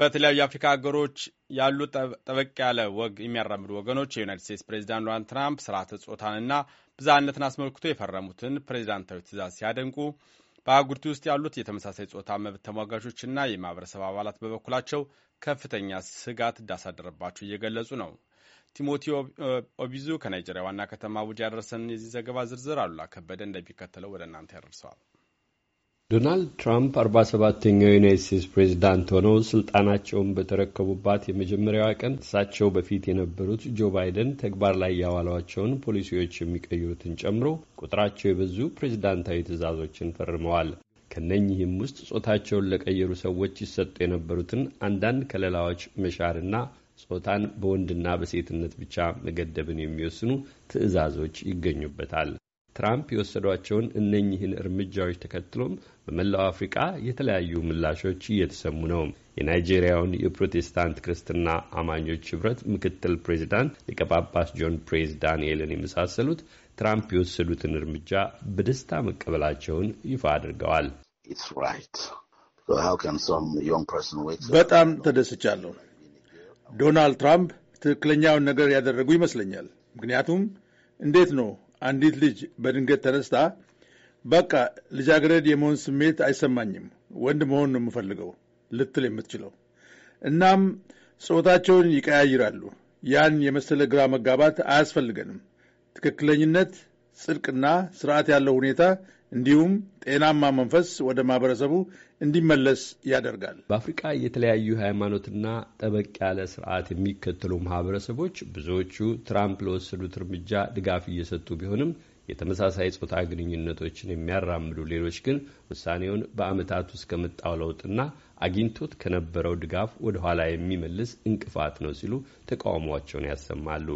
በተለያዩ የአፍሪካ ሀገሮች ያሉ ጠበቅ ያለ ወግ የሚያራምዱ ወገኖች የዩናይት ስቴትስ ፕሬዚዳንት ዶናልድ ትራምፕ ስርዓተ ጾታንና ብዝሃነትን አስመልክቶ የፈረሙትን ፕሬዚዳንታዊ ትእዛዝ ሲያደንቁ በአህጉሪቱ ውስጥ ያሉት የተመሳሳይ ጾታ መብት ተሟጋቾችና የማህበረሰብ አባላት በበኩላቸው ከፍተኛ ስጋት እንዳሳደረባቸው እየገለጹ ነው። ቲሞቲ ኦቢዙ ከናይጄሪያ ዋና ከተማ አቡጃ ያደረሰን የዚህ ዘገባ ዝርዝር አሉላ ከበደ እንደሚከተለው ወደ እናንተ ያደርሰዋል። ዶናልድ ትራምፕ 47ኛው ዩናይት ስቴትስ ፕሬዚዳንት ሆነው ስልጣናቸውን በተረከቡባት የመጀመሪያዋ ቀን እሳቸው በፊት የነበሩት ጆ ባይደን ተግባር ላይ ያዋሏቸውን ፖሊሲዎች የሚቀይሩትን ጨምሮ ቁጥራቸው የበዙ ፕሬዚዳንታዊ ትዕዛዞችን ፈርመዋል። ከነኚህም ውስጥ ጾታቸውን ለቀየሩ ሰዎች ይሰጡ የነበሩትን አንዳንድ ከለላዎች መሻርና ጾታን በወንድና በሴትነት ብቻ መገደብን የሚወስኑ ትዕዛዞች ይገኙበታል። ትራምፕ የወሰዷቸውን እነኚህን እርምጃዎች ተከትሎም በመላው አፍሪቃ የተለያዩ ምላሾች እየተሰሙ ነው። የናይጄሪያውን የፕሮቴስታንት ክርስትና አማኞች ህብረት ምክትል ፕሬዚዳንት ሊቀ ጳጳስ ጆን ፕሬዝ ዳንኤልን የመሳሰሉት ትራምፕ የወሰዱትን እርምጃ በደስታ መቀበላቸውን ይፋ አድርገዋል። በጣም ተደስቻለሁ። ዶናልድ ትራምፕ ትክክለኛውን ነገር ያደረጉ ይመስለኛል። ምክንያቱም እንዴት ነው አንዲት ልጅ በድንገት ተነስታ በቃ ልጃገረድ የመሆን ስሜት አይሰማኝም፣ ወንድ መሆን ነው የምፈልገው ልትል የምትችለው። እናም ጾታቸውን ይቀያይራሉ። ያን የመሰለ ግራ መጋባት አያስፈልገንም። ትክክለኝነት ጽድቅና ስርዓት ያለው ሁኔታ እንዲሁም ጤናማ መንፈስ ወደ ማህበረሰቡ እንዲመለስ ያደርጋል። በአፍሪቃ የተለያዩ ሃይማኖትና ጠበቅ ያለ ስርዓት የሚከተሉ ማህበረሰቦች ብዙዎቹ ትራምፕ ለወሰዱት እርምጃ ድጋፍ እየሰጡ ቢሆንም የተመሳሳይ ጾታ ግንኙነቶችን የሚያራምዱ ሌሎች ግን ውሳኔውን በአመታት ውስጥ ከመጣው ለውጥና አግኝቶት ከነበረው ድጋፍ ወደኋላ የሚመልስ እንቅፋት ነው ሲሉ ተቃውሟቸውን ያሰማሉ።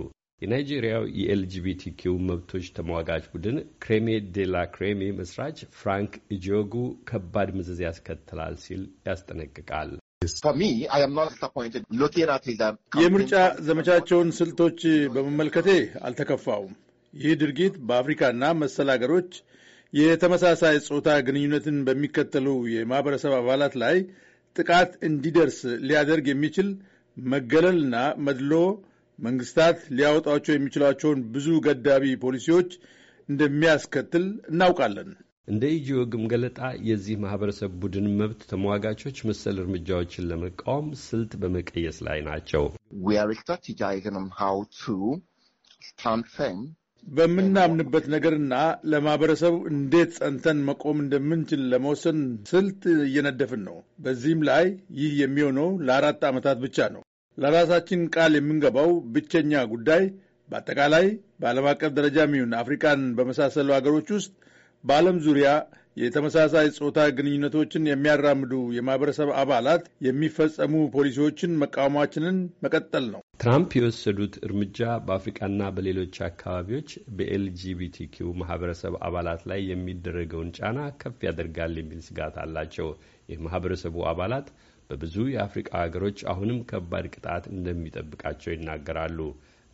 የናይጄሪያው የኤልጂቢቲኪው መብቶች ተሟጋች ቡድን ክሬሜ ዴላ ክሬሜ መስራች ፍራንክ ኢጆጉ ከባድ ምዝዝ ያስከትላል ሲል ያስጠነቅቃል። የምርጫ ዘመቻቸውን ስልቶች በመመልከቴ አልተከፋውም። ይህ ድርጊት በአፍሪካና መሰል ሀገሮች የተመሳሳይ ጾታ ግንኙነትን በሚከተሉ የማህበረሰብ አባላት ላይ ጥቃት እንዲደርስ ሊያደርግ የሚችል መገለልና መድሎ መንግስታት ሊያወጣቸው የሚችሏቸውን ብዙ ገዳቢ ፖሊሲዎች እንደሚያስከትል እናውቃለን። እንደ ኢጂኦግም ገለጣ የዚህ ማህበረሰብ ቡድን መብት ተሟጋቾች መሰል እርምጃዎችን ለመቃወም ስልት በመቀየስ ላይ ናቸው። በምናምንበት ነገርና ለማህበረሰቡ እንዴት ጸንተን መቆም እንደምንችል ለመወሰን ስልት እየነደፍን ነው። በዚህም ላይ ይህ የሚሆነው ለአራት ዓመታት ብቻ ነው። ለራሳችን ቃል የምንገባው ብቸኛ ጉዳይ በአጠቃላይ በዓለም አቀፍ ደረጃ የሚሆን አፍሪካን በመሳሰሉ ሀገሮች ውስጥ በዓለም ዙሪያ የተመሳሳይ ጾታ ግንኙነቶችን የሚያራምዱ የማህበረሰብ አባላት የሚፈጸሙ ፖሊሲዎችን መቃወማችንን መቀጠል ነው። ትራምፕ የወሰዱት እርምጃ በአፍሪቃና በሌሎች አካባቢዎች በኤልጂቢቲኪው ማህበረሰብ አባላት ላይ የሚደረገውን ጫና ከፍ ያደርጋል የሚል ስጋት አላቸው። የማህበረሰቡ አባላት በብዙ የአፍሪቃ ሀገሮች አሁንም ከባድ ቅጣት እንደሚጠብቃቸው ይናገራሉ።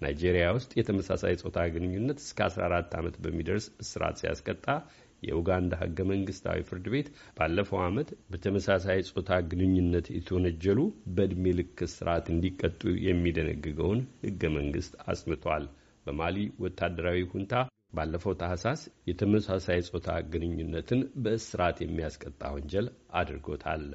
ናይጄሪያ ውስጥ የተመሳሳይ ጾታ ግንኙነት እስከ 14 ዓመት በሚደርስ እስራት ሲያስቀጣ የኡጋንዳ ህገ መንግስታዊ ፍርድ ቤት ባለፈው ዓመት በተመሳሳይ ጾታ ግንኙነት የተወነጀሉ በእድሜ ልክ እስራት እንዲቀጡ የሚደነግገውን ህገ መንግስት አጽንቷል። በማሊ ወታደራዊ ሁንታ ባለፈው ታህሳስ የተመሳሳይ ጾታ ግንኙነትን በእስራት የሚያስቀጣ ወንጀል አድርጎታል።